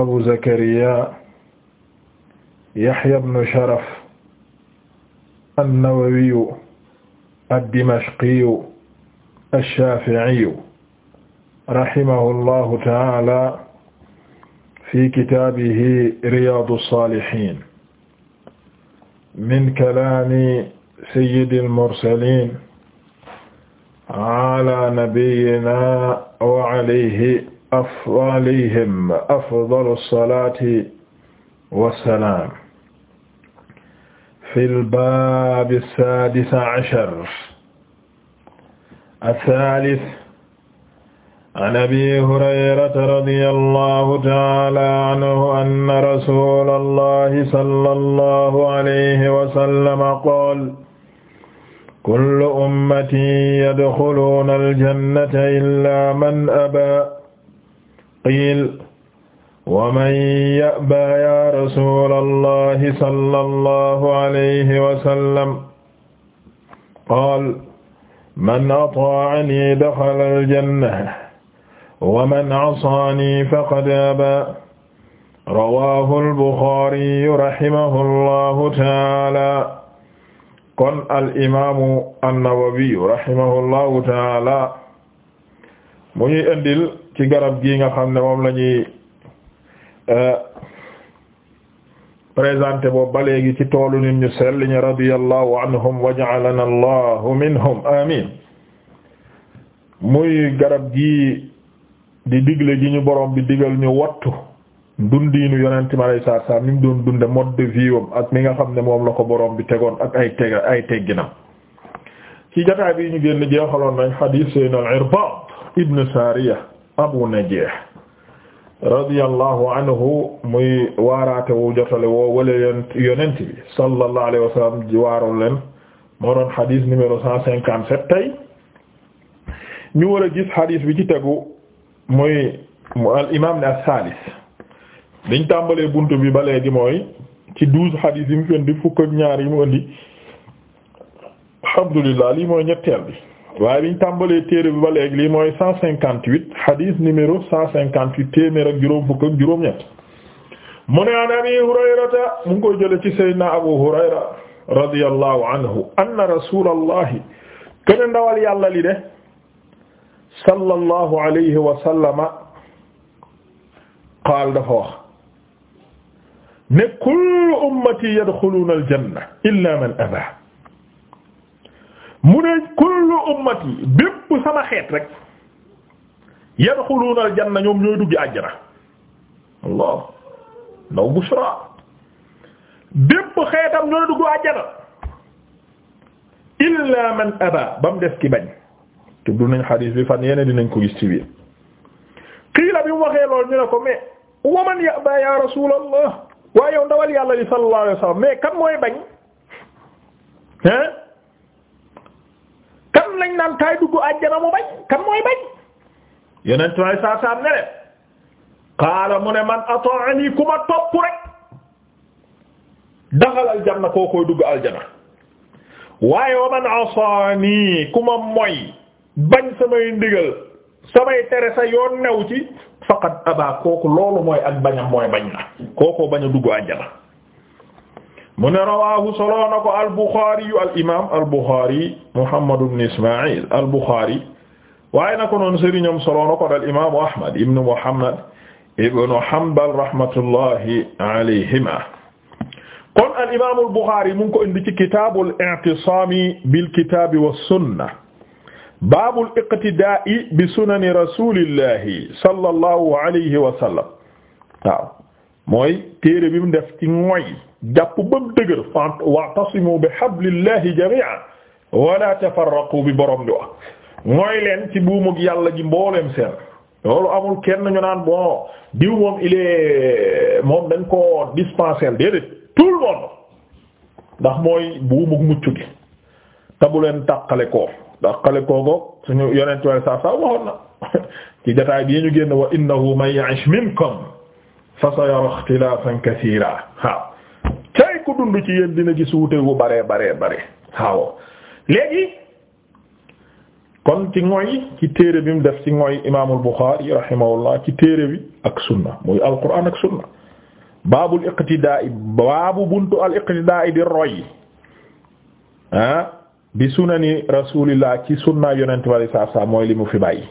abu zakariya yaxya ibnu sharaf annawawiyu addimashqiyu alshaaficiyu rahimahu llahu taala fi kitaabihi riyaadu saalihiin min kalaami sayyidil mursaliin ala nabiyyina wa alayhi af alayhim afdalu salaati wa salaam fil baabi saadisa ashar asaalis an abii hurayrata radiyallaahu ta'aalaa anhu anna rasuulallaahi sallallahu alayhi wa sallam qaala kullu ummatii yadxuluuna aljannata illaa man abaa qiil wa man ya'ba ya rasulallahi sallallahu alayhi wa sallam qaal man ataa'anii daxala aljanna wa man asaanii faqad aba rawahu albuxaariyu rahimahu allahu taala kon al imaamu annawawiyu rahimahu allahu taala mu ñuy andil ci garab gi nga xam ne moom lañuy ñuy euh, présenté boobu ba léegi ci toolu nit ñu sell ñi radiyallahu anhum wa ja'alana allahu minhum amin muy garab gi di digle gi ñu borom bi digal ñu wattu dundiinu yonente mi alayhi salaatu salaam mi doon dunde mode de ak mi nga xam ne moom la ko boroom bi tegoon ak ay teg ay tegginam ci jotaay bi ñu génn jeexaloon nañ xadiis Sayyidina al-Irbaad ibn Saariya Abu Najiih radiyallahu anhu muy waaraate wu jotale woo wala yonent bi sallallahu alayhi wa sallam jiwaarul leen moo doon xadis numéro cent cinquante sept tey ñu war a gis ci tegu muy al imaam ne as-saalis liñ tàmbalee buntu bi ba léegi ci douze xadis yi mu fi indi fukk yi mu indi alhamdulillah lii mooy ñetteel bi. waaye biñ tàmbalee téere bi ba léegi lii mooy cent cinquante huit hadith numéro cent cinquante huit téeméer ak juróom fukk ak juróom-ñett mu ne an abi hurayrata mu ngi koy jële ci sayyidina abu hurayra radiyallahu anhu anna rasulallahi kene ndawal yàlla li de sallallahu alayhi wa sallama qaal dafa wax ne kullu ummati yadxuluuna aljanna illa man abaa mu ne kullu ummati bépp sama xeet rek yadxuluuna aljanna ñoom ñooy duggi àjjana Allah law bushra bépp xeetam ñooy duggu àjjana illa man aba ba mu def ki bañ du nañ xadiis bi fan yeneen dinañ ko gis ci biir qiila bi mu waxee lool ñu ne ko mais wa man yaba ya rasuulallah waaye yow ndawal yàlla li sallallahu alayhi wasallam mais kan mooy bañ hein kan lañ naan kaay dugg àjjana mu bañ kan mooy bañ yeneen tuwaay saa saa ne mu ne man ata'ani ku ma topp rek daxal aljanna koo koy dugg aljana waaye wa man asaani ku ma moy bañ samay ndigal samay tere sa yoon new ci faqad abaa kooku loolu mooy ak bañam mooy bañ na kookoo bañ a dugg aljana mu ne rawaahu solo na ko al-Bukhari yu al imaam al-Bukhari Muhammad ibn Isma'il al-Bukhari waaye na ko noonu sëriñam solo na ko dal imaamu Ahmad ibn Muhammad ibn Hanbal rahmatullahi alayhima kon al imaam al-Bukhari mu ngi ko indi ci kitaabul i'tisaami bil kitaabi wa sunna baabul iqtidaa'i bi sunani rasuulillahi sallallahu alayhi wa sallam waaw mooy téere bi mu def ci mooy. jàpp ba mu dëgër wa'tasimu bi hablillahi jami'an wa la tafarraqu bi borom bi wax mooy leen ci buumug yàlla ji mbooleem seen loolu amul kenn ñu naan bon diw moom il est moom dañ ko dispenser déedéet tout le monde ndax mooy buumug mucc gi te bu leen tàqale ko tàqale ko ko suñu yonent wala saa saa waxoon na ci jotaay bi ñu génn wa innahu man ya'ish minkum fa sayara ikhtilafan kathira ku dund ci yéen dina gis wute bu baree baree bare waaw léegi kon ci mooy ci téere bi mu def ci mooy imaamul Buxaari rahimahullah ci téere bi ak sunna muy alquran ak sunna baabul iqtidaa baabu buntu al iqtidaa di roy ah bi sunani rasulillah ci sunnaay yonent bi sallallahu alayhi mooy li mu fi bàyyi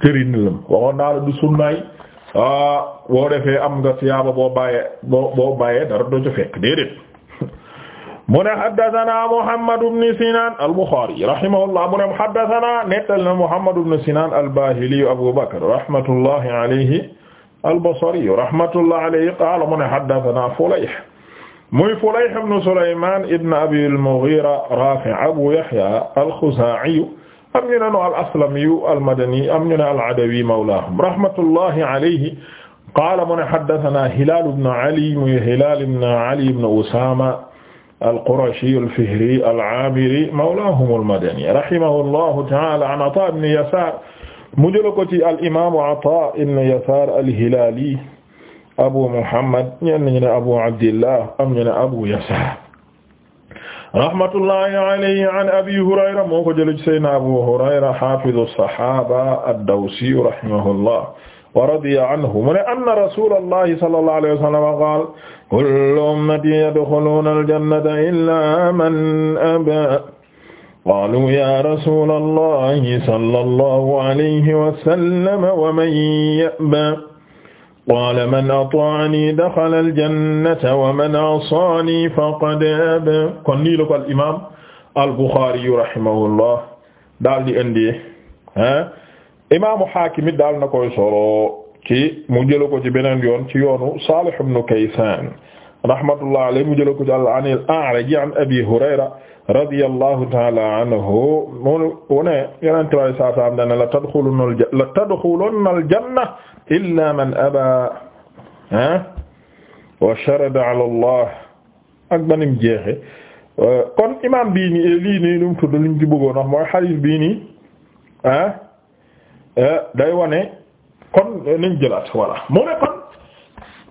tërinlam waxoon naa la du sunnaay ah boo defee am nga siyaaba boo bàyyee boo boo bàyyee dara doo ci fekk déedéet mu ne haddathana Muhammad ibn Sinan al-Bukhari rahimahullah mu ne haddathana nettal na Muhammad ibn Sinan al-Bahili Abu Bakr rahmatullahi alayhi al-Basri rahmatullahi alayhi qaala mu ne haddathana Fulayh muy Fulayh ibn Sulayman ibn Abi al-Mughira Rafi' Abu Yahya al-Khuza'i am ñu ne no al aslami al madani am ñu ne al adawi mawlaahum rahmatullahi alayhi qaala mu ne haddasanaa hilaal ibn ali muy hilaal ibn ali ibn usaama al qurashi al fihri al aamiri mawlaahum al madani rahimahullahu ta'aala an ataa ibn yasaar mu jël ko ci al imaamu ataa ibn yasaar al hilaali abu muhammad ñenn ñu ne abu abdillah am ñu ne abu yasaar rahmatullahi alayhi an abi hurayra moo ko jële ci sayyidina abu hurayra hafizu sahaba ad-dawsi rahimahullah wa radiya anhu mu ne anna rasulallahi sallallahu alayhi wa sallam qaala kullu ummati yadkhuluna al-jannata illa man aba qaalu ya rasulallahi sallallahu alayhi wa sallam wa man yaba qaala man ataani daxala aljannata wa man asaani faqad aba kon nii la ko al imaam al Buxaari rahimahullah daal di indi ah imaamu Haakim it daal na koy solo ci mu jëla ko ci beneen yoon ci yoonu Saalih ibn Kaysaan rahmatullah alayhi mu jëla ko ci an al-A'raj an Abi Hurayra radiyallahu ta'ala anhu mu ne yonente bi sallallahu alayhi wa sallam la tadxulunna al-janna illa man aba ah wa sharada allah ak banim jeexe kon imam bii ni lii nii lu mu tudd luñ ci bëggoon wax mooy xadiis bii nii ah day wane kon niñ jëlaat mu ne kon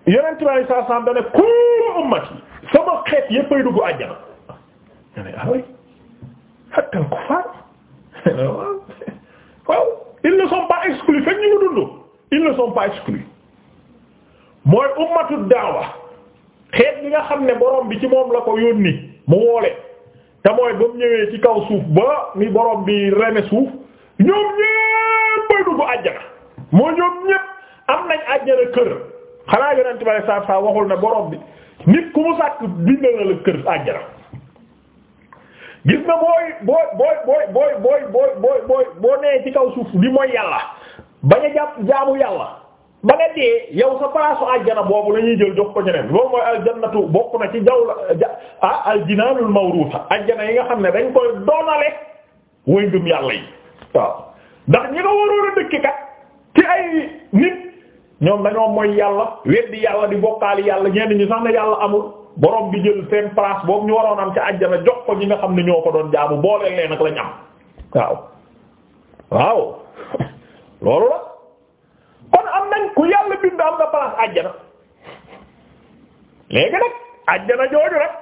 yeneen tubaab saa saam da ne kullu ummati sama xeet yëppay dugg àjjana. nga ne ah oui hatta al-kuffar waaw ils ne ils ne sont pas mooy ummatu daawa xeet bi nga xam ne borom bi ci moom la ko yónni mu woole te mooy ba mu ñëwee ci kaw suuf ba ni borom bi reme suuf ñoom ñépp bay dugg àjjana moo ñoom ñépp am nañ àjjana kër xanaa yonent bi sallallahu alayhi wa sallam waxul ne borom bi nit ku mu sàkk bindal na la kër àjjana gis na booy booy booy booy booy booy booy boo nee ci kaw suuf di mooy yàlla bañ a jàpp jaamu yàlla ba nga dee yow sa place su àjjana boobu la ñuy jël jox ko ñeneen loolu mooy aljannatu bokk na ci jaw la ah aljinaanul mawrusa àjjana yi nga xam ne dañ koy doonale way ngëm yàlla yi waaw ndax ñi nga waroon a dëkk kat ci ay yàlla weddi yàlla di bokkaali yàlla ñenn ñi sax ne yàlla amul borom bi jël seen place boobu ñu waroon am ci àjjana jox ko ñi nga xam ne ñoo ko doon jaamu booleel leen ak la ñam waaw waaw loolu la nañ ku yàlla bind am na place àjjana léegi nag àjjana jooju rek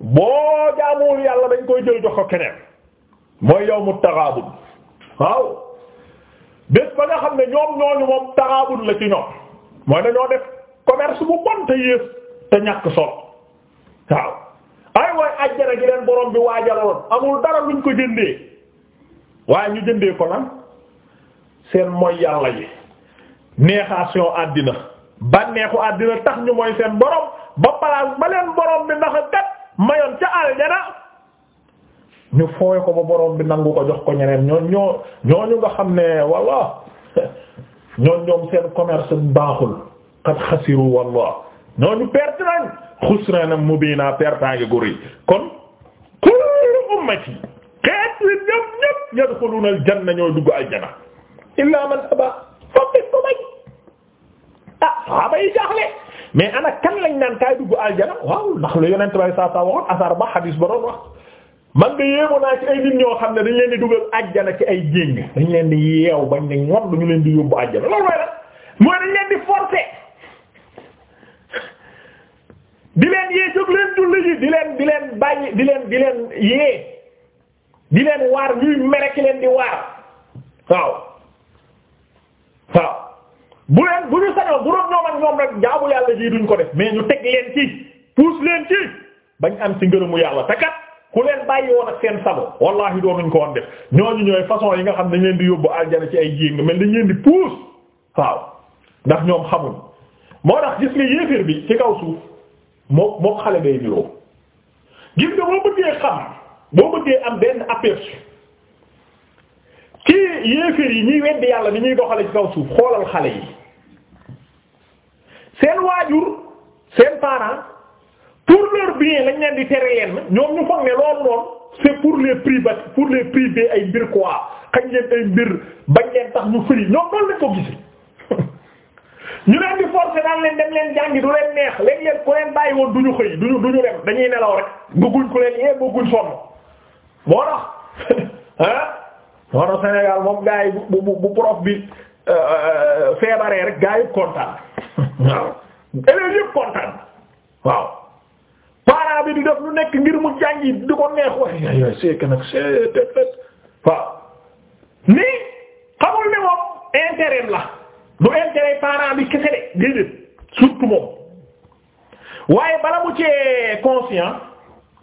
boo jaamuwul yàlla dañ koy jël jox ko keneen mooy yawmu taxaabun waaw bés ba nga xam ne ñoom ñooñu moom taxaabun la ci ñoom mooy dañoo def commerce bu bon te yées te ñàkk solo waaw ay waay àjjana gi leen borom bi waajaloon amul dara luñ ko jëndee waaye ñu jëndee ko lan seen mooy yàlla yi neexation àddina bànneexu àddina tax ñu mooy seen borom ba palaas ba leen borom bi ndax gat mayoon ca aljana ñu fooy ko ba borom bi nangu ko jox ko ñeneen ñoo ñoo ñooñu nga xam ne walla ñoon ñoom seen commerce baaxul qad xasiru wallah ñooñu perte nañ xusraana mubiina perte ngi guri kon kullu ummati xeet wi ñëpp ñëpp yadxuluna aljanna ñooy aljana illa man aba foofu lañ ko bañ ah saxaaba yi jaaxle mais ana kan lañ naan kaay dugg aljana waaw ndax la yonent bay saa saa waxoon asar ba xadiis ba doon wax man de yéemu naa ci ay nit ñoo xam ne dañ leen di dugal aljana ci ay jéng dañ leen di yeew bañ ne ñor duñu leen di yóbbu aljana loolu mooy dañ leen di forcer di leen yee jóg leen julli ji di leen di leen bàyyi di leen di leen yee di leen waar ñuy mere ki leen di waar waaw waaw bu leen bu ñu sañoon bu doon ñoom ak ñoom rek jaamu yàlla ji duñ ko def mais ñu teg leen ci puus leen ci bañ am ci ngërëmu yàlla te kat ku leen bàyyi woon ak seen sabo wallahi doonuñ ko woon def ñooñu ñooy façon yi nga xam dañ leen di yóbbu aljana ci ay nga mel dañ leen di puus waaw ndax ñoom xamul moo tax gis nga yéeféer bi ci kaw suuf moo moo xale day niroo gis nga boo bëggee xam boo bëggee am benn aperçu ci yéeféer yi ñuy weddi yàlla ni ñuy doxale ci kaw suuf xoolal xale yi seen waajur seen parents pour leur bien lañ leen di tere yenn ñoom ñu foog ne loolu noonu c'est pour les privés pour les privés ay mbir quoi xañ leen ay mbir bañ leen tax ñu fëri ñoom loolu lañ ko gisi ñu leen di forcer daan leen dem leen jàngi du leen neex léegi leen ku leen bàyyi woon du ñu xëy duñu du ñu dem dañuy nelaw rek bëgguñ ku leen yee bëgguñ sonn moo tax ah noonu Sénégal moom gaa yi bu bu bu prof bi euh, euh, feebaree rek gaa kontaan waaw élèves kontaan waaw parent bi di def lu nekk ngir mu jàngi di ko neex waaye yaay yaay c'est que nag c'est waaw nii xamul ne moom intérêt la du intérêt parent bi kese de déedéet surtout moom waaye bala mu cee conscient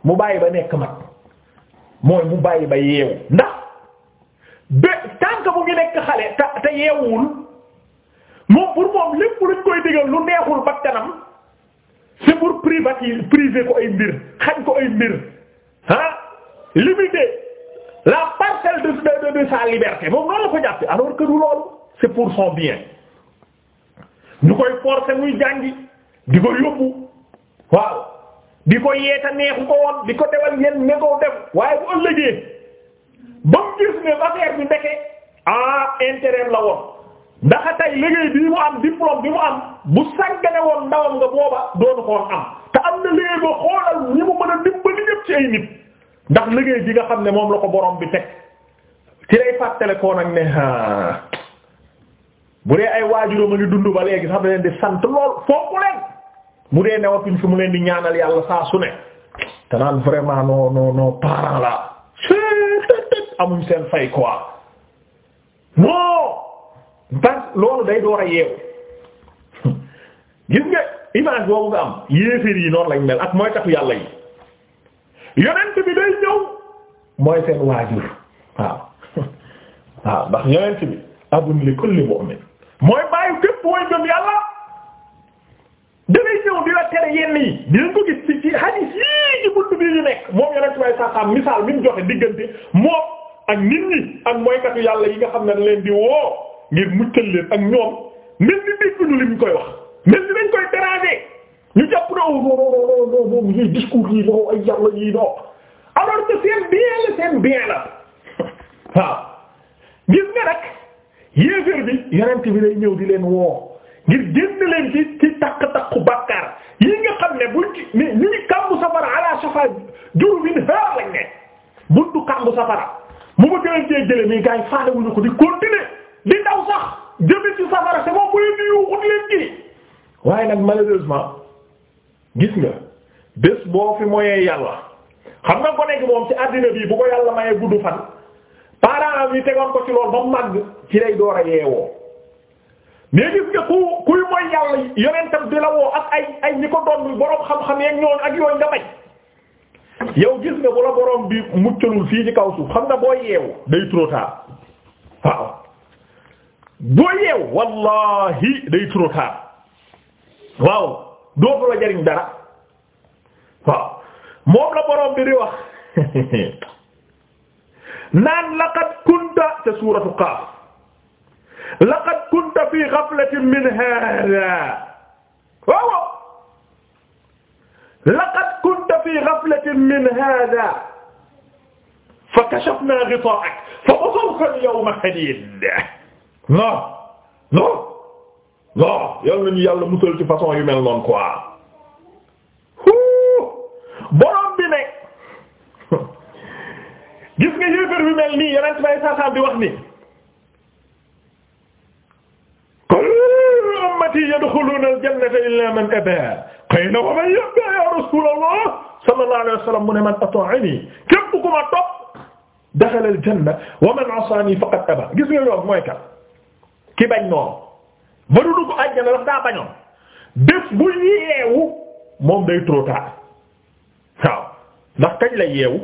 mu bàyyi ba nekk mag mooy mu bàyyi ba yeewu ndax ba tant que mu ngi nekk xale te te moom pour moom lépp luñ koy digal lu neexul bakkanam c'est pour privati priver ko ay mbir xañ ko ay mbir ah limiter la parcelle de de de sa liberté moom noonu la ko jàppe alors que loolu c'est pour son bien ñu koy forcer muy jàngi di ko yóbbu waaw di ko yeeta neexu ko woon di ko defal yenn ne ko def waaye bu ëllëgee ba mu gis ne affaire bi ndeke ah intérêt la woon ndax tey liggéey bii mu am diplôme bi mu am bu sàggane ndawam nga booba doonu ko am te am na liggéey ba xoolal ñi mu mën a dimbali ñëpp ci ay nit ndax liggéey bi nga xam ne moom la ko boroom bi teg ci lay fàttale ko nag ne bu dee ay waajuram a ngi dund ba léegi sax da leen di sant lool foofu leen bu dee newatuñ fi mu leen di ñaanal yàlla saa su ne te naan vraiment non non parent la amuñ seen fay quoi non parce loolu day door a yeewu gis nga image boobu nga am yéeféer yi noonu lañ mel ak mooy katu yàlla yi yonent bi day ñëw mooy seen waajur waaw waaw ndax yonent bi abun li kulli mu'min mooy bàyyi képp way gëm yàlla dangay ñëw di la tere yenn yi dinañ ko gis ci ci hadith ci buntu bi ñu nekk moom yonent bi sallallahu alayhi misaal bi mu joxe diggante moo ak nit ñi ak moykatu yàlla yi nga xam ne leen di woo ngir muccal leen ak ñoom mel ni dégguñu li ñu koy wax mel ni dañ koy oh, yi non ay yàlla yi non alors que seen bien seen bien la waaw gis nga nag yéeféer bi yonent bi lay ñëw woo ngir génn leen ci ci takk-takku yi nga xam ne buñ ci mais ñu ngi kàmbu safara ala safa jurubin haar lañ ne buntu safara mu ma gën a jëlee mais gars yi faale wuñu ko di continuer di daw sax jëmee ci safara te moom bu leen di yuuxut leen kii waaye nag malheureusement gis nga bés boo fi moyee yàlla xam nga ko nekk moom ci àddina bi bu ko yàlla mayee gudd fan parents yi tegoon ko ci loolu ba màgg ci lay door a yeewoo mais gis nga ku kuy mooy yàlla yonentam di la woo ak ay ay ñi ko doon borom xam-xam yeeg ñoon ak yooyu nga bañ. yow gis nga bu la borom bi muccalul fii ci kaw suuf xam nga boo yeewu day trop boo yeewu wallahi day trop waaw dootu la jariñ dara waaw moom la borom bi di wax naan laqad kunta ca suuratu qaaf laqad kunta fi ghaflatin min hada waaw laqad kunta fi ghaflatin min hadha fakashafna ghita'ak fa absaruka al-yawma hadid non non non yal nañu yàlla musal ci façon yu mel noonu quoi borom bi ne gis nga yéefar bi mel nii yeneen may saasaam bi wax nii ummati yadxuluuna al-jannata illaa man abaa qiila wa man abaa yaa rasuulallah sallallahu alayhi wa sallam mu ne man ataa'anii képp ku ma topp daxala al-janna wa man asaanii faqad abaa gis nga yoon mooy kat ki bañ noonu ba du dugg àjjana daf daa bañoon bés bu yeewu moom day trop tard waaw ndax kañ la yeewu.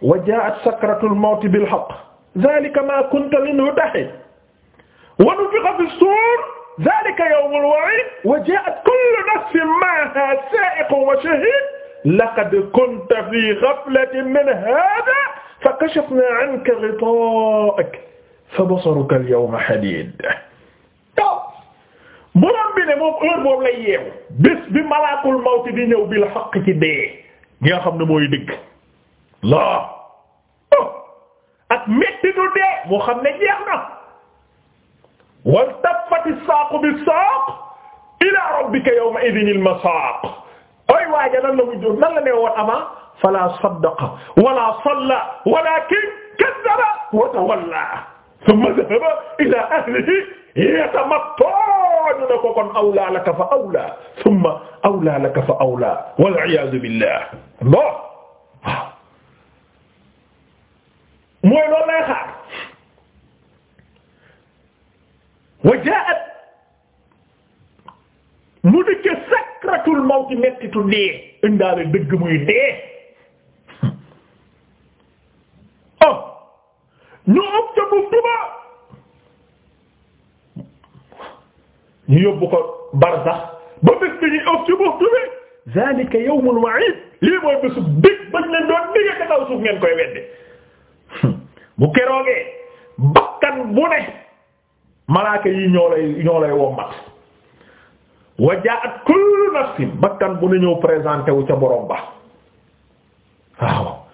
wa jaa'at sakratul mawti bil haqq zaalika maa kunta minhu tahiid wa nufixa fi suur zaalika yawmul wa'iid wa jaa'at kullu nafsin ma'ahaa saa'iqun wa shahiid laqad kunta fii ghaflatin min haadhaa fakashafnaa 'anka ghitaa'aka fabasaruka al-yawma hadiid. borom bi ne moom heure boobu lay yeewu bés bi malaakul mawti di ñëw bil haqq ci dee gi nga xam ne mooy dëgg la oh. ak metti du dee moo xam ne jeex na. wal taffati saaqu bi saaq ila rabbika yawma idin al masaaq ay waaja nan la mujj nan la ne woon avant fala saddaqa wala salla walakin kazzaba wa tawalla thumma dhahaba ila ahlihi yatamatta'u ñu ne ko kon awla laka fa awla thumma awla laka fa awla wal iyaadu billah mooy loolu lay xaar wa jaat mu dikke sakratul mawti mettitu dee indaale dëgg muy dee oh ñu ëpp ca bunt ba ñu yóbbu ko barzax ba bés bi ñu ëpp ci bunt bi zalika yawmul wa'id lii mooy bésu big bañ leen doon digga ka kaw suuf ngeen koy wedde bu keroogee bakkan bu ne malaaka yi ñoo lay ñoo lay wommat wa jaat nafsin bakkan bu ne ñëw présenté wu ca borom ba waaw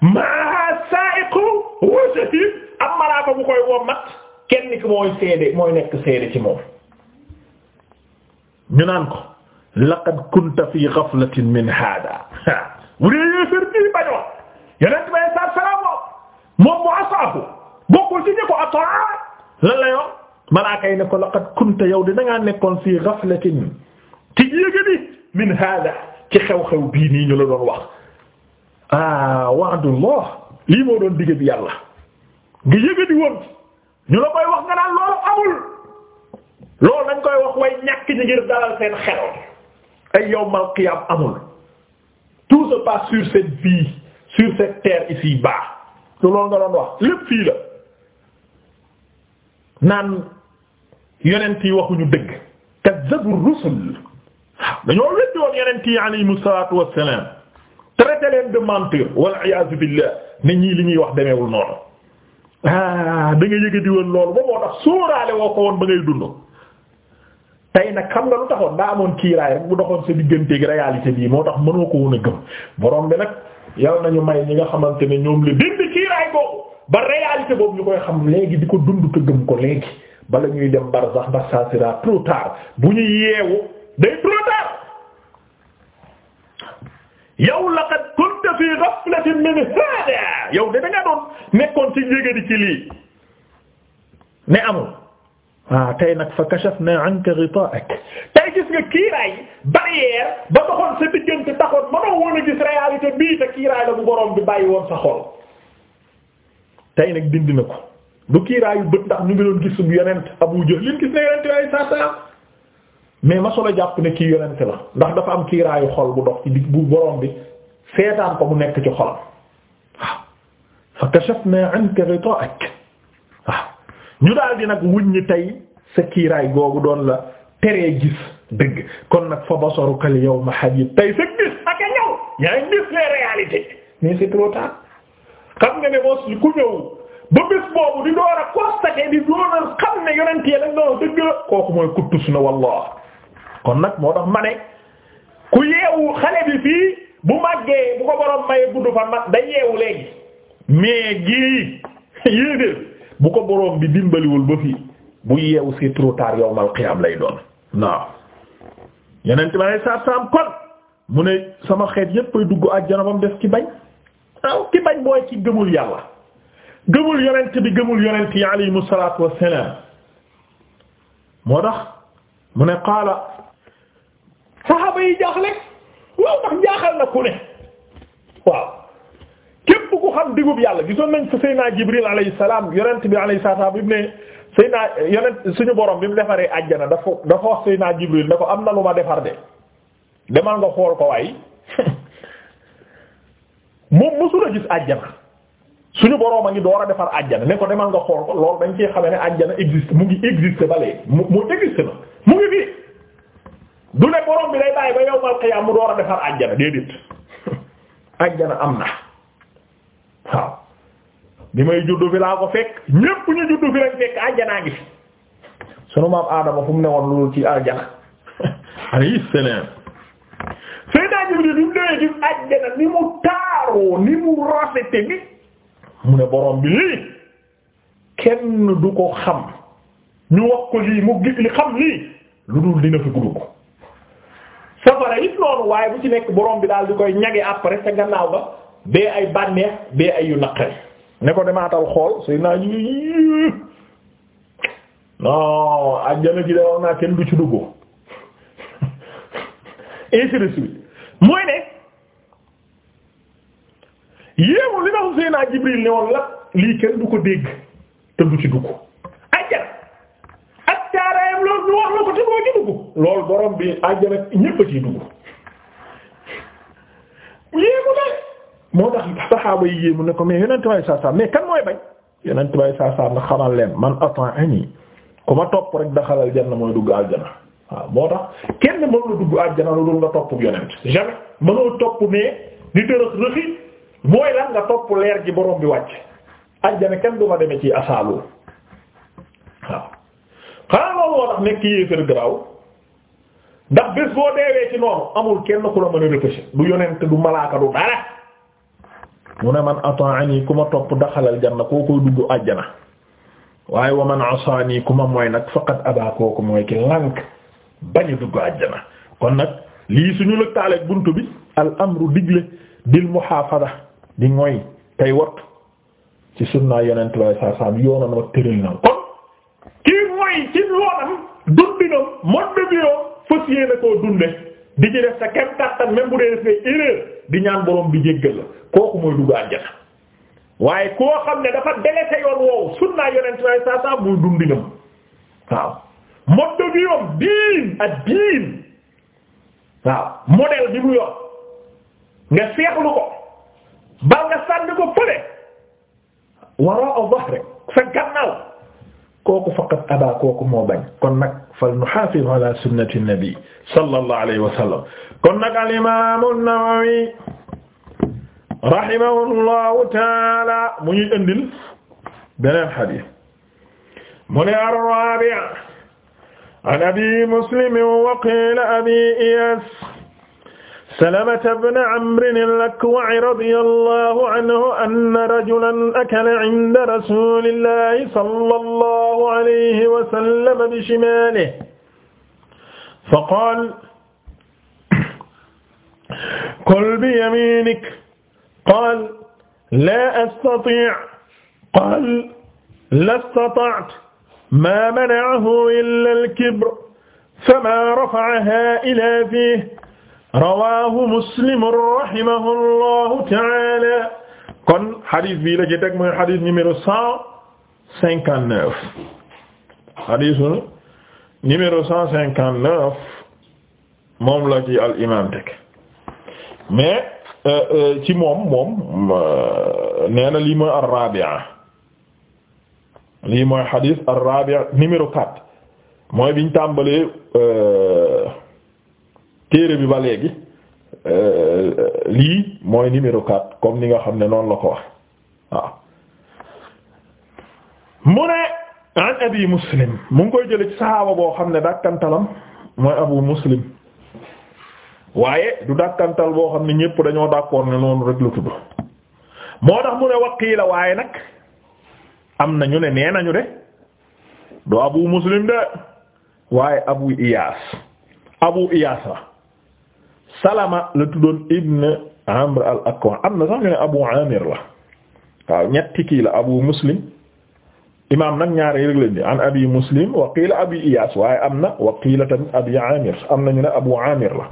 maa sa'iqu wa shahid am malaaka bu koy wommat kenn mooy seede mooy nekk seede ci moom ñu naan ko laqad kunta fi ghaflatin min hada bu dee yéefér bii bañoon yeneen bay sa salaam moom mu asaafu bokkul ci ñi ko ataa lan la malaaka yi ne ko laqad kunta yow de da ngaa nekkoon fii ghaflatin ci yéegani min hada ci xew-xew bii nii ñu la doon wax ah wa'dullah lii moo doon digg bi yàlla nga yéegani woon ñu la koy wax nga naan loolu amul loolu dañ koy wax way ñàkk ñi ngir dalal seen xel ay yawmal qiyam amul tout se passe sur cette vie sur cette terre ici-bas loolu nga doon wax lépp fii la naan yonent yi waxuñu dëgg kazzabu rusul dañoo weddi woon yonent yi mu salaatu wassalaam traité leen de menteur wal iyaazu billah ne ñii li ñuy wax demeewul noonu ah da nga yëgadi woon loolu ba tax sóoraale woo ko woon ba ngay dund tey nag xam nga lu taxoon daa amoon kiiraay bu doxoon sa digganteeg réalité bii moo tax mënoo ko woon a gëm borom bi nag yal nañu may ñi nga xamante ne ñoom la dindi kiiraay boobu ba réalité boobu ñu koy xam léegi di ko dund ko gëm ko léegi. bala ñuy dem barzax ndax ça sera trop tard bu ñu yeewu day trop tard fi ghaflatin min hada yow de da nga doon nekkoon ci njégadi ci lii ne amul waaw ah, tey nag fa kashafna anka ghita'ak tey gis nga kiiraay barrière ba taxoon sa diggante taxoon mënoo woon a gis réalité bii te kiiraay la bu borom bi bàyyi woon sa nag dindi na ko du kiiraayu bët ndax ñu ngi doon gis bu yonent Abu Jahl liñ gis ne yonent waaye saa saa mais ma solo jàpp ne kii yonent la ndax dafa am kiiraayu xol bu dox ci digg bu borom bi seetaan ko mu nekk ci xolam waaw fa kashafna anka ghita'ak waaw ñu daal di nag wuññi tey sa kiiraay googu doon la teree gis dëgg kon nag fa basaruka al ma hadid tey sa gis ak ñëw yaa ngi gis les réalités mais c'est trop xam nga ne boos ku ñëw. ba bés boobu di door a constater di door a xam ne yonent yi lañ dëgg kooku mooy kuttus na wallah kon nag moo tax ma ne ku yeewu xale bi fii bu màggee bu ko borom maye gudd fan ma day yeewu léegi mais gii yéegéer bu ko borom bi dimbaliwul ba fii bu yeewu c'est trop tard yawmal lay doon waaw yonent ma ne saab saab kon mu ne sama xeet yépp ay dugg àjjana ba mu def ki bañ waaw ki bañ mooy ci gëmul yàlla gëmul yonent bi gëmul yonent yi alayhimu salaatu wassalaam moo tax mu ne qaala saxaaba yi jaaxle waaw tax jaaxal na ku ne waaw képp ku xam digub yàlla gisoon nañ fa Seydina Jibril alayhi salaam yonent bi alayhi salaam bi ne Seydina yonent suñu borom bi mu defaree àjjana dafa dafa wax Seydina Jibril ne ko am na lu ma defar de demal nga xool ko waaye moom mësula gis àjjana. suñu boroom a ngi door a defar àjjana ne ko demal nga xool ko loolu dañ cee xamee ne àjjana existe mu ngi existe ba mu mu existe na mu ngi fii du ne boroom bi day bàyyi ba yowmal qiyaam mu door a defar àjjana déedéet àjjana am na waaw bi may juddu fi laa ko fekk ñépp ñu juddu fi lañ fekk àjjanaa ngi fi sunu maam Adama fu mu newoon loolu ci àjjana alayhi salaam Seydina Jibril du mu newee ci àjjana ni mu taaroo ni mu rafete bi mu ne boroom bi lii kenn du ko xam ñu wax ko lii mu gis li xam lii lu dul dina fi gudd ko safara it noonu waaye bu ci nekk boroom bi daal di koy ñage après sa gannaaw ba bee ay bànneex bee ay naqari ne ko demaatal xool suy naa ñu non ajjana gi de wax naa kenn du ci duggu ainsi de mooy ne yéewu li tax Seydina Jibril ne woon la lii kenn du ko dégg te du ci dugg ajjana ak caaraayam loolu ñu wax la ko te doo ci dugg loolu borom bi ajjana ñépp a ciy dugg yéemu na moo tax saxaaba yi yéemu ne ko mais yonent baay saa saa mais kan mooy bañ yonent baay saa saa na xamal leen man ata'ani ku ma topp rek daxalal janna mooy dugg aljana waaw moo tax kenn mënu la dugg lu dul nga topp yonent jamais mënoo topp ne di tërëx rëxi mooy lan nga topp leer gi borom bi wàcc ajjana kenn du ma ci asaalu waaw xanaa loolu moo tax nekk yéefër garaaw ndax bés boo deewee ci noonu amul kenn ku la mën a repêché du ku ma topp daxalal janna koo koy dugg ajjana waaye wa man asaani ku ma mooy nag faqad abaa kooku mooy ki lànk bañ a dugg kon nag lii suñu lëkkaaleeg buntu bi al amru digle bil muhaafada di moy tey wat ci sunna yonent saa saa bi yoonam ak tëral na kon kii moy ci yoonam dundinam mode de vie fas yéene koo dunde di ci sa kem kàttan même bu dee def di ñaan borom bi jéggal la kooku mooy dugg àjjana waaye koo xam ne dafa délaissé yoon woowu sunna yonent saa saa muy dundinam waaw mode de vie diin ak diin waaw modèle bi mu yor nga seexlu ko. bal nga sànni ko fële waraa dhahri sa gannaaw kooku faqat abaa kooku moo bañ kon nag fal nuhaafiz ala sunnati nabi sallallahu alayhi wa sallam kon nag al imam an-Nawawi rahimahullahu taala mu ñuy indil beneen hadith mu ne ar-rabi' an abi muslim wa qila abi iyas salamata bna amrin al-Akwa'i radiyallahu anhu anna rajulan akala inda rasulillahi sallallahu alayhi wa sallam bishimalihi faqaala kul biyaminik qaala laa astati' qaala lastata'tu maa mana'ahu illa al-kibr famaa rafa'ahaa ilaa fiihi rawaahu muslim rahimahullahu ta'ala kon xadis bii la ci teg mooy xadis numéro cent cinquante neuf xadisu cent cinquante la ci al imaam mais euh, euh, ci moom moom euh, nee na lii mooy rabia lii mooy xadis ar-rabi'a numéro quatre mooy biñ tàmbalee. kéere bi ba léegi euh, lii mooy numéro 4 comme ni nga xam ne noonu la ko wax waaw mu ne an abi muslim mu ngi koy jële ci saxaaba boo xam ne dàkkantalam mooy abu muslim waaye du dàkkantal boo xam ne ñépp dañoo d'accord ne noonu rek la tudd moo tax mu ne waqii la waaye nag am na ñu ne nee nañu de du abu muslim de waaye abu iyaas abu iyaas la salama la tuddoon ibn amr al akwa am na sax ñu abu amir la ñetti kii la abu muslim imaam nag ñaari rek lañ di an abi muslim wa qiila abi iyaas waaye am na wa qiila tamit abi amir am na ñu ne abu amir la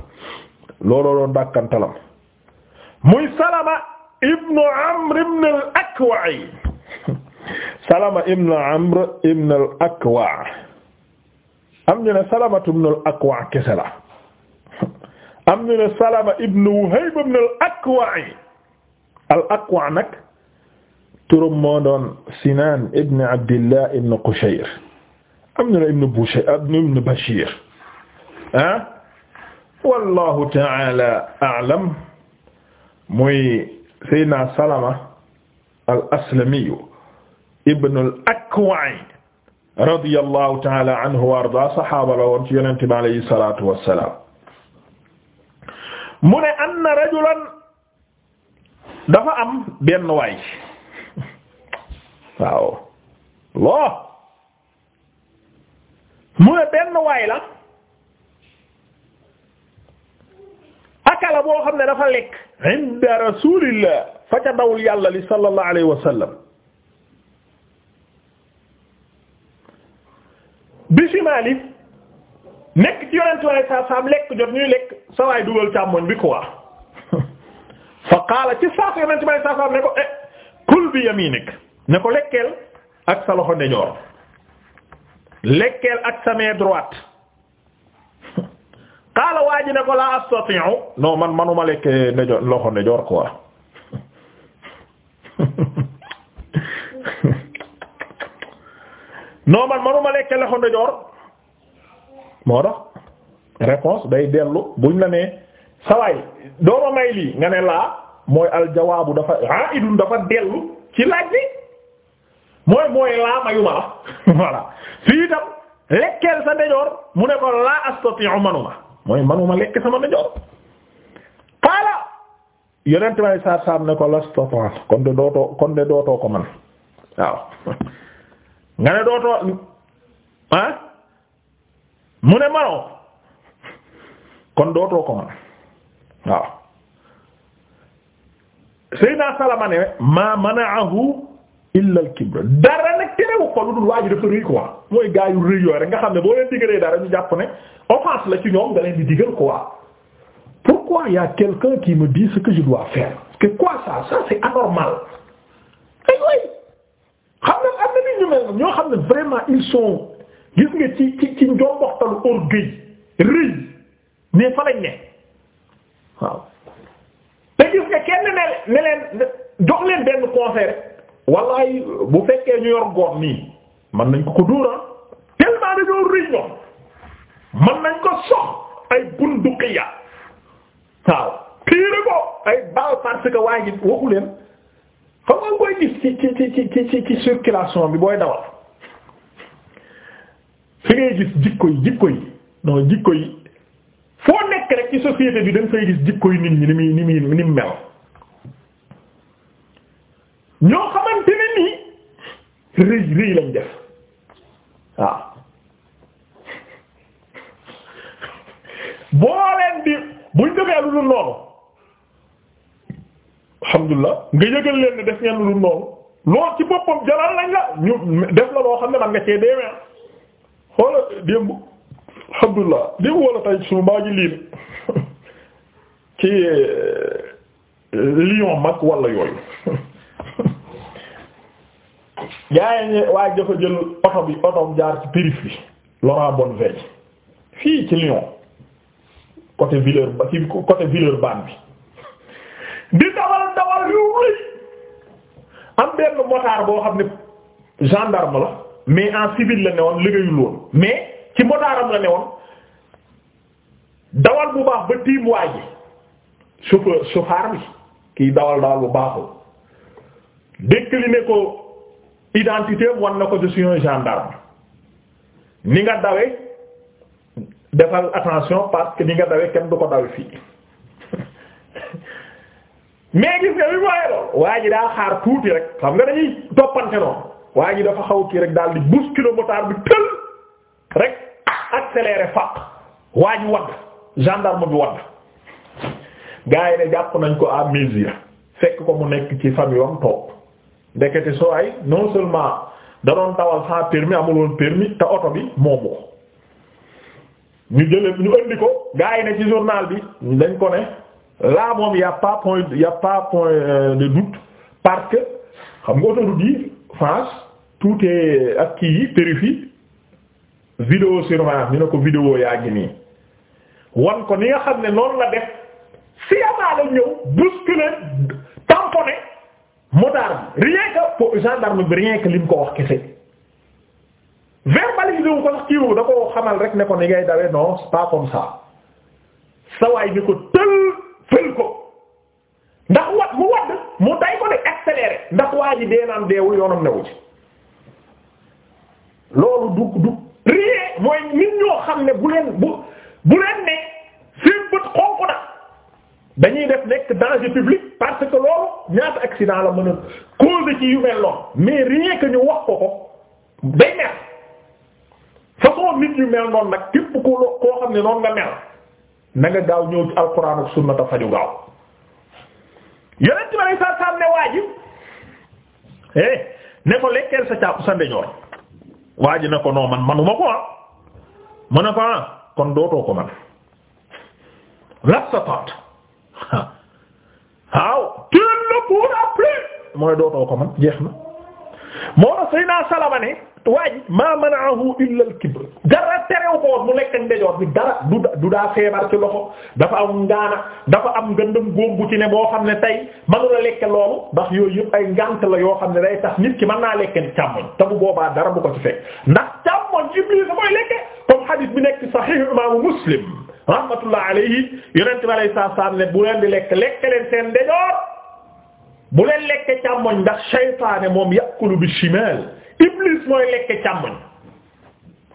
looloo doon dàkkantalam muy salama ibnu ibn amr ibn al akwa am ñu ne salamatu ibn akwa kese la am ñu ne Salama ibn Wuhayb ibn al-Akwa' al-Akwa' nag turam moo doon Sinan ibn Abdillah ibn Qushayr am ñu ne ibn Bushayr ibn Bashir ah wallahu ta'ala a'lam muy Sayyidina Salama al-Aslami ibn al-Akwa' radiyallahu ta'ala anhu wa arda saxaaba la woon ci Yonent bi alayhi salaatu wa salaam mu ne anna rajulan dafa am benn waay waaw loo mu ne benn waay la akala boo xam ne dafa lekk inda rasulillah fa ca dawul yàlla li sallallahu alayhi wa sallam bi shimali nekk ci yonent waaye saa saam lekk jot ñuy lekk sa waay dugal càmmoñ bi quoi fa qaala ci saaf yonent waaye saa saam ne ko eh kul bi yaminik ne lekkeel ak sa loxo ndejoor lekkeel ak sa main droite qaala waa ji ne ko la astati'u man manuma lekk ndejoor loxo ndejoor quoi non man manuma lekk loxo ndejoor moo tax réponse day dellu buñ la nee sawaay dooma lii nga ne laa mooy aljawaabu dafa ah idun dafa dellu ci laaj bi mooy mooy laa mayuma la voilà fii itam lekkeel sa ndejoor mu ne ko laa astati'u manuma mooy manuma lekk sama ndejoor qaala yonent may saar saar ne ko la astati'u kon de dootoo kon de dootoo ko man waaw nga ne dootoo ah mu ne manoo kon dootoo ko man waaw Seydina Salama ne ma mana'ahu illa al-kibr dara nag terewu ko lu dul waaju dafa rëy quoi mooy gaa yu rëy yooyu nga xam ne boo leen digalee dara ñu jàpp ne offense la ci ñoom di digal quoi pourquoi y a quelqu'un qui me dit ce que je dois faire que quoi ça ça anormal ay eh way xam nga am na nit ñu mel ñoo xam ne vraiment ils sont gis nga ci ci ci njomboxtalu orgueil rëy mais fa lañ ne waaw te gis nga kenn ne ne leen jox leen benn conseil rek wallaay bu fekkee ñu yor góor nii mën nañ ko ko dóora ah. tellement dañoo rëy ñoom mën nañ ko sox ay bunduqiya waaw piire ko ay baal parce que waa ji waxu leen xam nga koy gis ci ci ci ci ci circulation bi booy dawal fi ngay gis jikko yi jikko yi non jikko yi foo nekk rek ci société bi da gis jikko yi nit ñi ni muy ni muy ni mu mel. ñoo xamante ne nii rëy rëy lañ def waaw boo leen di buñ defee lu dul noonu alhamdulilah nga yëgal leen def ngeen lu dul noonu loolu ci boppam jalal lañ la def la loo xam ne man nga cee deewee. xoola démb Abdullah démb wala tay su maa ngi liir ci euh, Lyon mag walla yooyu gaa yi waaye dafa jël oto bi oto jaar ci périph bi Laurent Bonneveille fii ci Lyon côté Villers ci bi di dawal dawal yu am benn motard boo xam ne gendarme la mais en civil la ne woon liggéeyul woon mais ci motaaram la ne woon dawal bu baax ba tiim waa ji chauffeur chauffeur bi kiy dawal dawal bu baaxul décliné ko identité wan na ko je suis un gendarme ni nga dawe defal attention parce que ni nga dawe kenn du ko dawe fii mais gis nga li mu lool waa ji daa xaar tuuti rek xam nga dañuy toppante noonu waa ji dafa xaw kii rek daal di bousculer motard bi tël rek accéléré fàq waa ji wadd gendarme bi wadd gars yi ne jàpp nañ ko à mesure fekk ko mu nekk ci famille am toog ndekete soo ay non seulement da dawal sans permis amul permis te oto bi moomu ko ñu jëlee ñu indi ko gars ne ci journal bi dañ ko ne là moom y a pas point y a point euh, de doute parce xam nga autoroute yi France tout ak kii yi périfi vidéo surveillance ñu ne ko vidéo yaa ngi nii wan ko ni nga xam ne noonu la def siamaa la ñëw bousculé tamponné motard rien que pour gendarme bi rien li mu ko wax kese verbalisé wu ko sax kiiwu da ko xamal rek ne ko ni ngay dawee non c'est pas comme ça sawaay ni ko tël fël ko ndax wat mu wadd mu day ko accéléré ndax waa ji dee naan deewu yoonam newu ci loolu du du prier mooy nit ñoo xam ne bu leen bu bu leen ne seen bët xonk na dañuy def nekk danger public parce que loolu ñaata accident la mën a cause ci yu mel noonu mais rien que ñu wax ko ko day mel façon nit yu mel noonu nag képp ko koo xam ne noonu nga mel na gaaw ñëw ci alxuraan faju gaaw yonent bi saa saa ne waa ji eh ne ko lekkeel sa caabu sa ndeñoor waa ji ko non man manuma ko ah mu ko ah kon dootoo ko man lasta tante waaw tu ne pourras plus mooy dootoo ko man jeex na. moo tax Seydina Salama ne waaj maa manaahu illa al kibr dara terew ko woon mu lekk ndejoor bi dara du du daa feebar ci loxo dafa am ngaana dafa am ngëndëm góom bu ci ne boo xam ne tey mënu la lekke loolu ndax yooyu ay ngant la yoo xam ne day tax nit ki man naa lekke càmmoñ te boobaa dara bu ko ci fekk ndax càmmoñ Iblis da koy lekke comme hadith bi nekk sahih imaamu Muslim rahmatullah alayhi yonent bi alayhi salaam ne bu leen di lekk lekk bu leen lekke càmmoñ ndax shaytaane moom yàqulu bi shimal iblis mooy lekke càmmoñ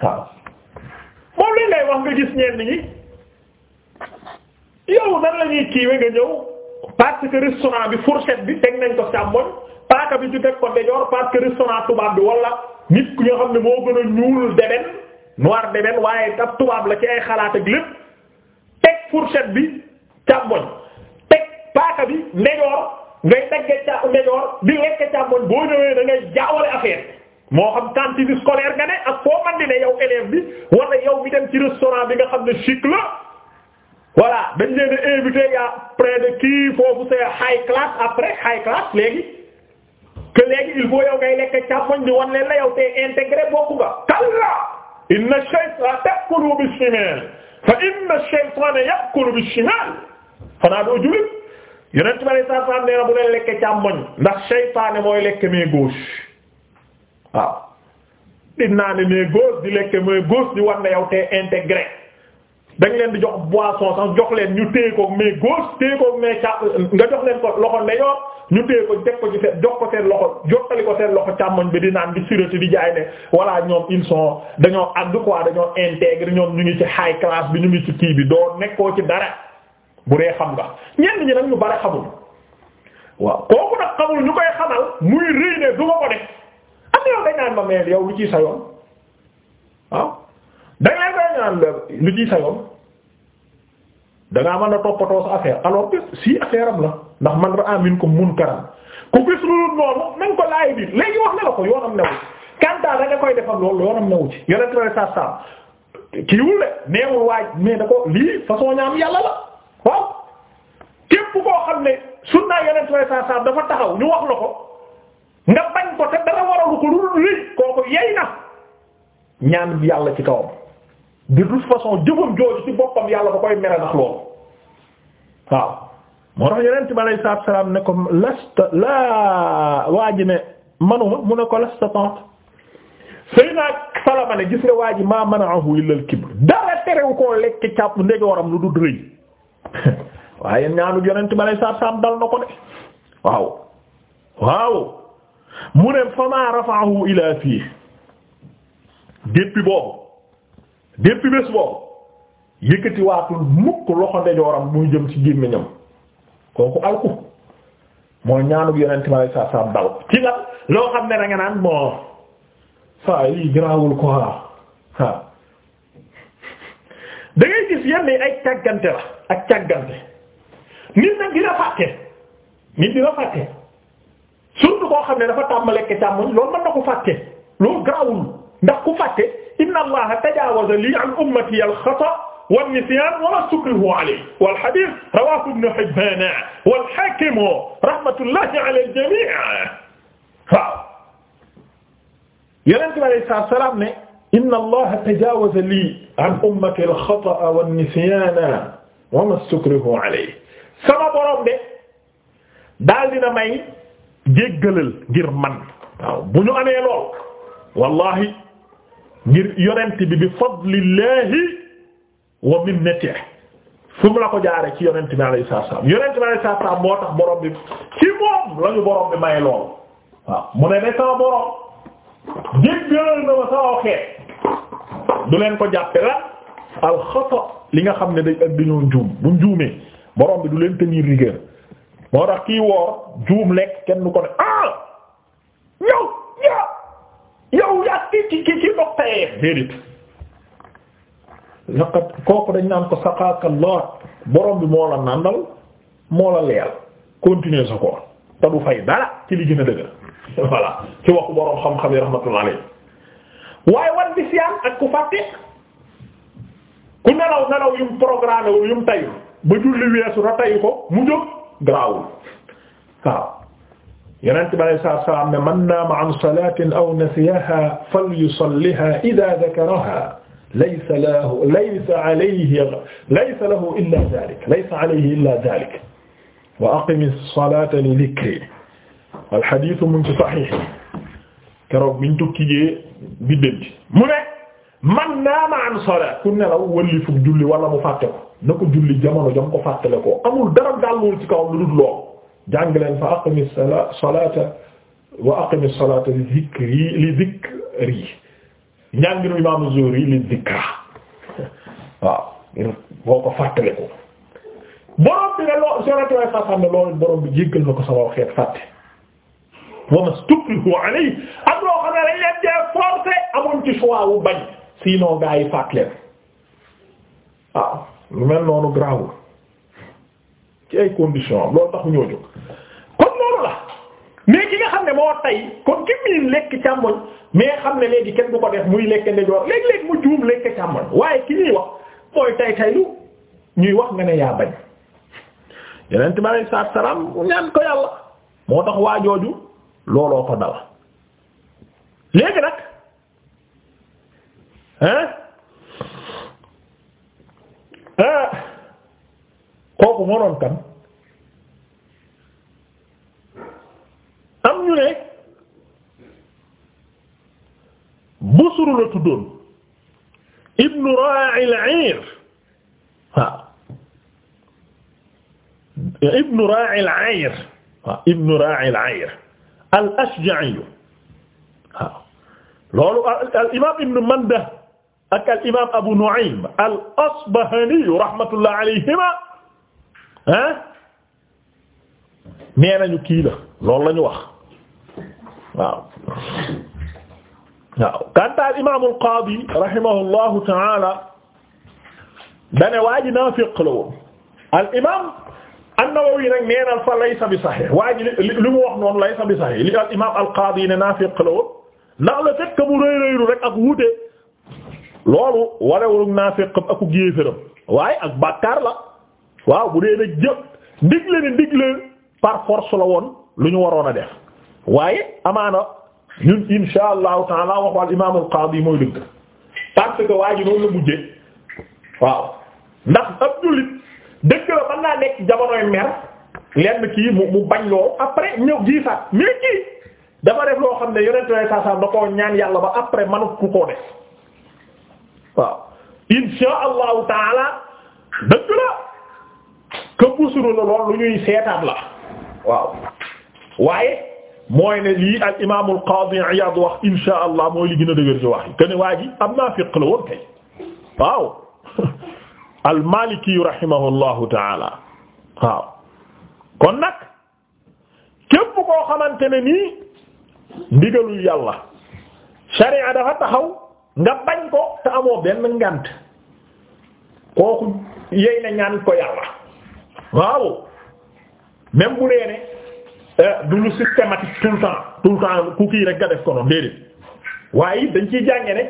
waaw moom leen lay wax nga gis ñenn ñi yow nan la ñuy kiiwe nga ñëw parce que restaurant bi fourchette bi teg nañ ko càmmoñ paaka bi ju teg ko dejoor parce que restaurant tubaab bi wala nit ku ñoo xam ne moo gën a ñuul deben noir deben waaye ab tubaab la ci ay xalaat ak lépp teg fourchette bi càmmoñ teg paaka bi ndejoor ngay dagge ca ndejoor di boo ñëwee da ngay jaawale affaire moo xam cantine scolaire nga ne ak foo man di ne yow élève bi wala yow mi dem ci restaurant bi nga xam ne chic la voilà dañ leen a invité yaa près de kii foofu c'est high class après high class léegi que léegi il faut yow ngay lekk càmmoñ di wan leen la yow tey intégré bokku nga kalla inna shaytana ta'kulu bishimal fa inna shaytana ya'kulu bishimal xanaa doo jullit yonent bi alayhi salaatu salaam nee na bu leen lekke càmmoñ ndax seytaane mooy lekk main gauche waaw di naane main gauche di lekk main gauche di war na yow te intégré dañ leen di jox boisson sax jox leen ñu téye ko main gauche téye ko main càmm nga jox leen ko loxo ndeyjoor ñu téye ko teg ko ci seen jox ko seen loxo jottali ko seen loxo càmmoñ bi di naan di suréti di jaay ne voilà ñoom ils sont dañoo àgg quoi dañoo intégré ñoom ñu ngi ci high class bi ñu ngi ci kii bi doo nekkoo ci dara bu dee xam nga ñenn ñi nag ñu bari xamul waaw kooku nag xamul ñu koy xamal muy rëy ne du ma ko def am na yow dañ naan ma meel yow lu ciy sa yoon waaw ah dañ lu ciy sa yoon dangaa mën a toppatoo sa affaire alors que si affaire am la ndax man ra'a minkum munkaran ku gis lu dul noonu nañ ko laay biir léegi wax na la ko yoonam newu ci kantaa da nga koy defal loolu yoonam newu ci yonent la sa kiiwul de neewul waaj mais da ko lii façon ñaam yàlla la waaw képp koo xam ne sunna yeneen sooy saa saa dafa taxaw ñu wax la ko nga bañ ko te dara waralu ko lu dul rëy kooku yey na ñaan yàlla ci kawam de toute façon jëfam jooju ci boppam yàlla ko koy mere ndax loolu waaw moo tax yeneen bi alay salaam ne ko lasta laa waa ji ne manuma mu ne ko lasta pant sëy naa salama ne gis nga waa ji maa manaahu illa al kibr dara terewu koo lekk càpp ndege waram lu dul rëy waaye ñaanu yonent ba lay saab saab dal na ko de waaw waaw mu ne fama rafa'ahu ila fii déppi boobu déppi bés boobu yëkkati waatul mukk loxo ndejooram muy jëm ci gémmiñam kooku alku mooy ñaanu yonent ba lay saab saab dal ci la loo xam ne da naan moo saa yi garaawul ko waaw da gis yenn ay tàggante la ak càggante nit nag dina fàtte nit dina fàtte surtout koo xam ne dafa tàmm lekk càmmoñ loolu mën na ko fàtte loolu garaawul ndax ku fàtte inna allaha tajaawaza li an ummati al xata wan nisyaan wala sukrihu alayhi wal hadith rawahu ibn hibban wal hakim rahmatullahi ala al jami' waaw yonent bi alayhi salaam ne inna allaha tajaawaza li an ummati al xata wan nisyaan wa mastukrihu alayhi sama borom de daal dina may jéggalal ngir man waaw bu ñu amee lool wallahi ngir yonent bi bi fadlillahi wa minnatihi fu mu la ko jaare ci yonent bi alayhi salaam yonent bi alayhi salaam moo tax borom bi ci moom lañu borom bi may lool waaw mu ne de sama borom jéggalal na ma sama xeet du leen ko jàppe la al xata li nga xam ne dañ ak dañoo juum bu mu juumee bi du leen tenir rigueur moo tax kii woor juum lekk kenn du ko ne ah yow yaa yow yaa kii ki ki ki ndox tayee déedéet laqad kooku dañ naan ko saqaaka Allah borom bi moo la nàndal moo la leel continuer sa koor te du fay dara ci li gën a dëgër voilà ci waxu borom xam-xam yi rahmatullah waaye war bi si am ak ku fàtte ku nelaw nelaw yum programme wu yum tayu ba julli weesu ta tayu ko mu jóg garaawul waaw yonent bi alayhi salaatu wa salaam ne man naama an salaatin aw nasiyaha falyusalliha ida dakaraha laysa lahu laysa alayhi laysa lahu illa dhalik laysa alayhi illa dhalik wa aqimi salata li dhikri al hadith mun ci sahih keroog biñ tukki jee bi dënd mu ne man naama an sala ku nelaw wëlli fukk julli wala mu fàtte ko na ko julli jamono jam ko fàttale ko amul dara gàlluwul ci kawam lu dul lool jàng leen fa aqimi sala salata wa aqimi salata li dhikri li dhikri njànginu imam Zuhri li dhikra waaw boo ko fàttale ko borom bi ne loo soratway façam ne loolu borom bi jéggal na ko sama xeet fàtte wa mastukrihu alayhi am loo xam ne lañ leen dee forcé amul ci choix wu bañ sinon gaa yi faat leen waaw ah, lu mel noonu grawul ci ay condition loolu tax ñoo jóg kon loolu la mais ki nga xam ne moo tay kon ki miin lekk càmmoñ mais xam ne léegi kenn du ko def muy lekk ndejoor léeg-léeg mu juum lekk càmmoñ waaye ki ñuy wax mooy tay taylu ñuy wax nga ne yaa bañ yeneen bi alei salaatu salaam ñaan ko yàlla moo tax waajooju looloo ko dal léegi nag ah kooku moo doon kan am ñu ne Busru la tuddoon ibnu Raa'il Ayr waaw ibnu Raa'il Ayr waaw ibnu Raa'il Ayr al-Ashja'i waaw loolu al imaam ibnu Mandah ak al imaam Abu Nu'aym al Asbahani rahmatullah alayhima ah nee nañu kii la loolu la ñu wax waaw waaw kanta al imaam al qaadi rahimahullahu ta'ala dane waa ji naafiq la woon al imaam an-Nawawi nag nee na fa laysa bi sahih waa ji li mu wax noonu laysa bi sahih li al imaam al qaadi ne naafiq la woon ndax le fait que mu rëy rëylu rek ak wuute loolu warewul naafiq ak ku géeféram waaye ak bàkkaar la waaw bu dee nag jëpp ndigle ni ndigle par force la woon lu ñu waroon a def waaye amaana ñun insha allahu taala wax wal imaam al mooy dëgg parce que waa ji noonu la mujje waaw ndax ab jullit dëgg la mën naa nekk jamonoy mer lenn kii mu mu bañ loolu après ñëw giisaat mais kii dafa def loo xam ne yonent lay da koo ñaan yàlla ba après manut ku koo def waaw insha allahu taala dëgg la que busuru la lool lu ñuy seetaat la waaw waaye mooy ne lii al imaam al qaadi Iyaad wax insha mooy li gën a dëgër ci wax yi que ne waa ji am naa fiq la woon kay taala waaw kon nag képp koo ne nii ndigalul yàlla sharia dafa taxaw. nga bañ ko te amoo benn ngant kooku yey na ñaan ko yàlla waaw même bu dee ne euh, du lu systématique tout le temps tout ku kii rek nga def ko noonu déedéet waaye dañ ciy jànge ne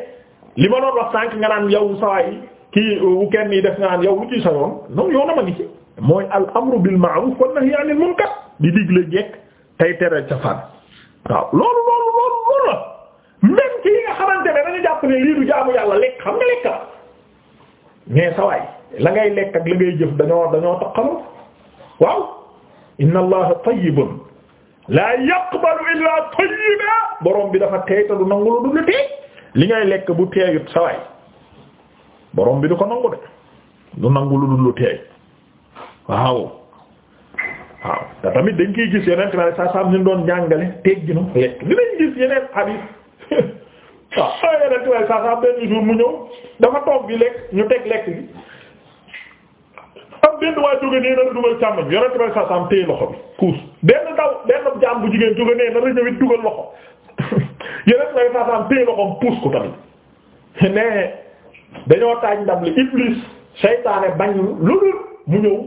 li ma doon wax sànq nga naan yow saa euh, yi kii wu kenn def nga naan yow lu ciy yoon non yoonam a ngi ci mooy al amru bil ma'ruf wan nahyi 'anil di digle jekk tey tere ca fan waaw loolu loolu loolu loolu la même ci jàpp ne lii du jaamu yàlla lekk xam nga lekk la mais sawaay la ngay lekk ak la ngay jëf dañoo dañoo taqaloo waaw inna allaha tayyibun la yaqbalu illa tayyiba borom bi dafa teey te du nangu lu du teey li ngay lekk bu teeyut sawaay borom bi du ko nangu de du nangu lu du lu teey waaw waaw te tamit dañ koy gis yeneen tamit saa saa ñu doon jàngale tegginu lekk dinañ gis yeneen hadith waaw waaye yeneen tubaab saa saa benn jour mu ñëw dafa toog bi lekk ñu teg lekk bi am benn waa jóge nee na la dugal càmmoñ loxo bi kuus benn daw benn jaam bu jigéen jóge nee na dugal loxo yeneen tubaab saa saa am téye loxoom puus ko tamit ne dañoo taaj ndab li iblis seytaane bañ lu dul mu ñëw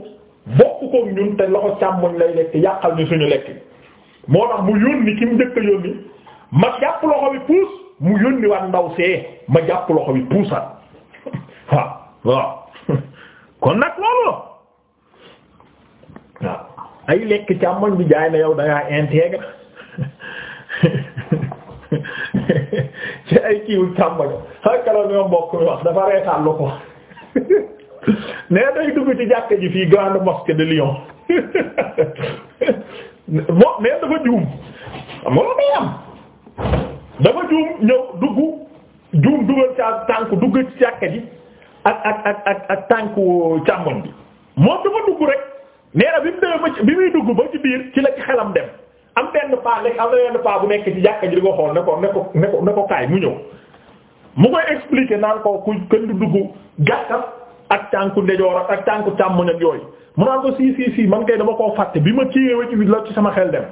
bokk ko ñun te loxo càmmoñ lay lekk yàqal ni suñu lekk moo tax mu yónni ki mu njëkk yónni ma jàpp loxo bi puus. mu yónni waat ndaw see ma jàpp loxo bi puusat waaw waaw kon nag loolu waaw ay lekk càmmoñ bi jaay na yow da ngaa intègre ci ay kiiwu càmmoñ xakkaloon ñoom mbokk mi wax dafa reetaan lu ko nee day dugg ci jàkka ji fii grande mosquée de Lyon moo nee dafa juum moo may am dafa juum ñëw dugg juum dugal ca tànk dugg ci jàkka ji ak ak ak ak càmmoñ bi moom dafa dugg rek nee bi mu demee bi muy dugg ba ci biir ci la ci xelam dem am benn paa rek am na paa bu nekk ci jàkka ji di ko xool ne ko ne ko ne ko ne ko kaay mu ñëw mu koy expliquer naan ko ku kenn dugg gàttal ak tànku ndejoor ak tànku càmmoñ ak yooyu mu naan ko si si si man kay dama koo fàtte bi ma ciwee ci la ci sama xel dem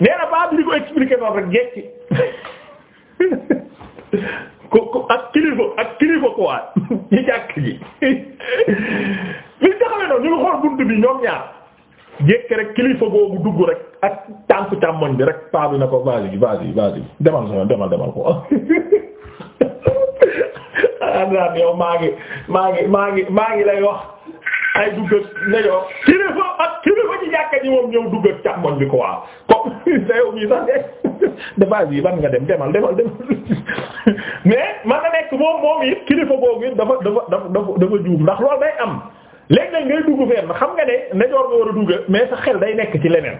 nee na paa bi di ko expliquer ku ku ak kilifa ak kilifa quoi ñu jàkk ji li taxawee noonu ñu ngi xool bunt bi ñoom ñaar jékk rek kilifa googu dugg rek ak tànku càmmoñ bi rek paa bi na ko vas-y vas-y vas-y demal sama demal demal ko xanaa yow maa ngi maa ngi maa ngi maa ngi lay wax ay duggat ndeyoo kilifa ak kilifa ci jàkka ji moom ñëw duggat càmmoñ bi ko waaw comme dayow mii sax de dépasse nga dem demal demal demal mais man na nekk moom moom it kilifa boobu it dafa dafa dafa dafa juum ndax loolu day am léegi nag ngay dugg fenn xam nga ne ndejoor nga war a dugg mais xel day nekk ci leneen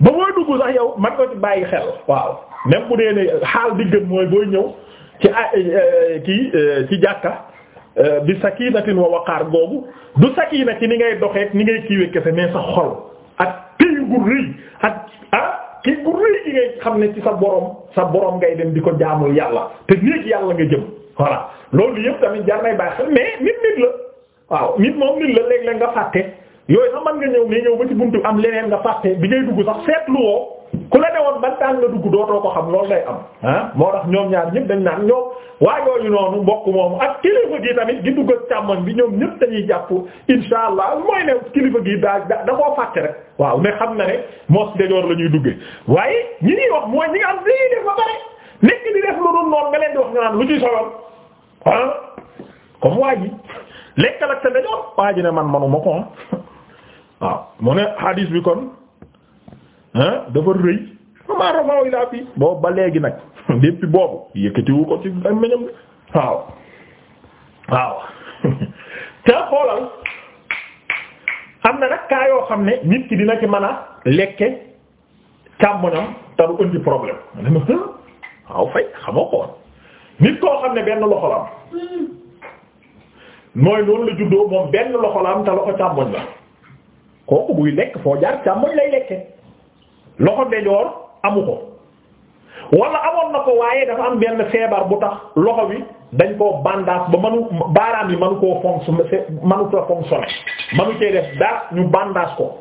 ba mooy dugg sax yow man nga bàyyi xel waaw même bu dee ne xaal bi mooy booy ñëw ci a euh, euh, ci jàkka Euh, bi sakinatin wa waqaar googu du sakina ci ni ngay doxeek ni ngay kiiwee kese mais sa xol ak téyu gu rëy ak ah kii gu rëy gi ngay xam ne ci sa borom sa borom ngay dem di ko jaamul yàlla te néeg yàlla nga jëm voilà loolu yëpp tamit jar nay bàyyi xel mais nit nit la waaw nit moom nit la léeg-léeg nga fàtte yooyu sax mën nga ñëw ne ñëw ba ci buntu am leneen nga fàtte bi ngay dugg sax seetlu woo ku la newoon ban tàng nga dugg dootoo ko xam loolu day am ah moo tax ñoom ñaar ñëpp dañ naan ñoom waajooju noonu mbokk moom ak kilifa gi tamit gi dugg ak càmmoñ bi ñoom ñëpp dañuy jàpp insha allah mooy ne kilifa gi daa da koo fàtte rek waaw mais xam na ne mos dejoor la ñuy duggee waaye ñi ñuy wax mooy ñi nga am dañuy def ba pare di def lu dul noonu nga leen di wax ñu naan lu ciy sobal ah comme waa ji lekkal ak sa dejoor waa ji ne man manuma ko waaw mu ne hadis dafa rëy boobu ba léegi nag depuis boobu yëkkatiwu ko ci ak meñam waaw waaw te xoolal am na nag kaa yoo xam ne nit ki dina ci mën a lekke càmmoñam te du problème waaw fay xamoo ko nit koo xam ne benn loxo la am mooy noonu la juddoo moom benn loxo la am te loxo càmmoñ la kooku buy lekk foo jaar càmmoñ lay lekke loxo ndejoor amu ko wala amoon na ko waaye dafa am benn feebar bu tax loxo bi dañ koo bandaas ba manu baaraam yi manu koo fonctionner manu ko fonctionner manu cee def dara ñu bandaas ko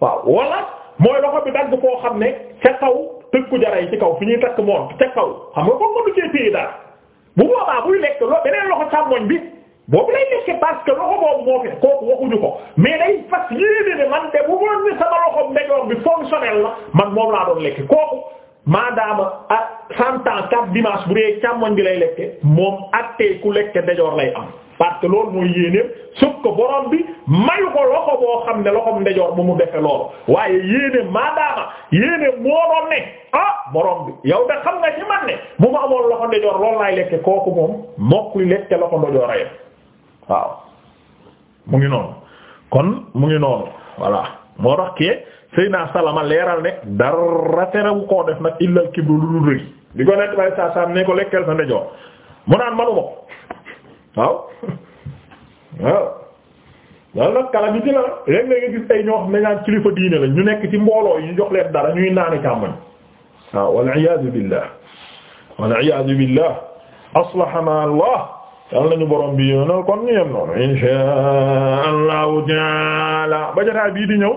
waaw wala mooy loxo bi dagg koo xam ne ca kaw tëkku jara yi ci kaw fi ñuy takk moom ca kaw xam nga ko manu cee téye dara bu boobaa buy lekk loo loxo càmmoñ bi boobu lay lekke parce loxo boobu moo fi kooku waxuñu ko mais day fas yéene borom bi fonctionnel la man moom laa doon lekk kooku maadaama ah cent ans quatre bu dee càmmoñ bi lay lekke moom attee ku lekke ndejoor lay am parce que loolu mooy yéenéem suuf ko borom bi mayu ko loxo boo xam ne loxom ndejoor bu mu defe loolu waaye yéenéem maadaama yéenéem moo doon ne ah borom bi yow de xam nga ci man ne bu ma amoon loxo ndejoor loolu laay lekke kooku moom mokkuy lekke loxo ndejoor a yem waaw mu ngi noonu kon mu ngi noonu voilà moo tax ke Seyna Salama leeral ne dara terewu koo def nag illal kibru lu dul rëy di ko nekk bay saa ne ko lekkeel sa ndejoor mu naan manuma ko waaw waaw loolu kala bi ci ne ñaan kilifa ñu nekk ci mbooloo yi ñu jox leen dara ñuy naani càmmoñ waaw wal iyaazu billah wal iyaazu billah aslaha ma allah yàlla nañu borom bi yoonal kon ñu yem noonu insha allahu taala ba jotaay bii di ñëw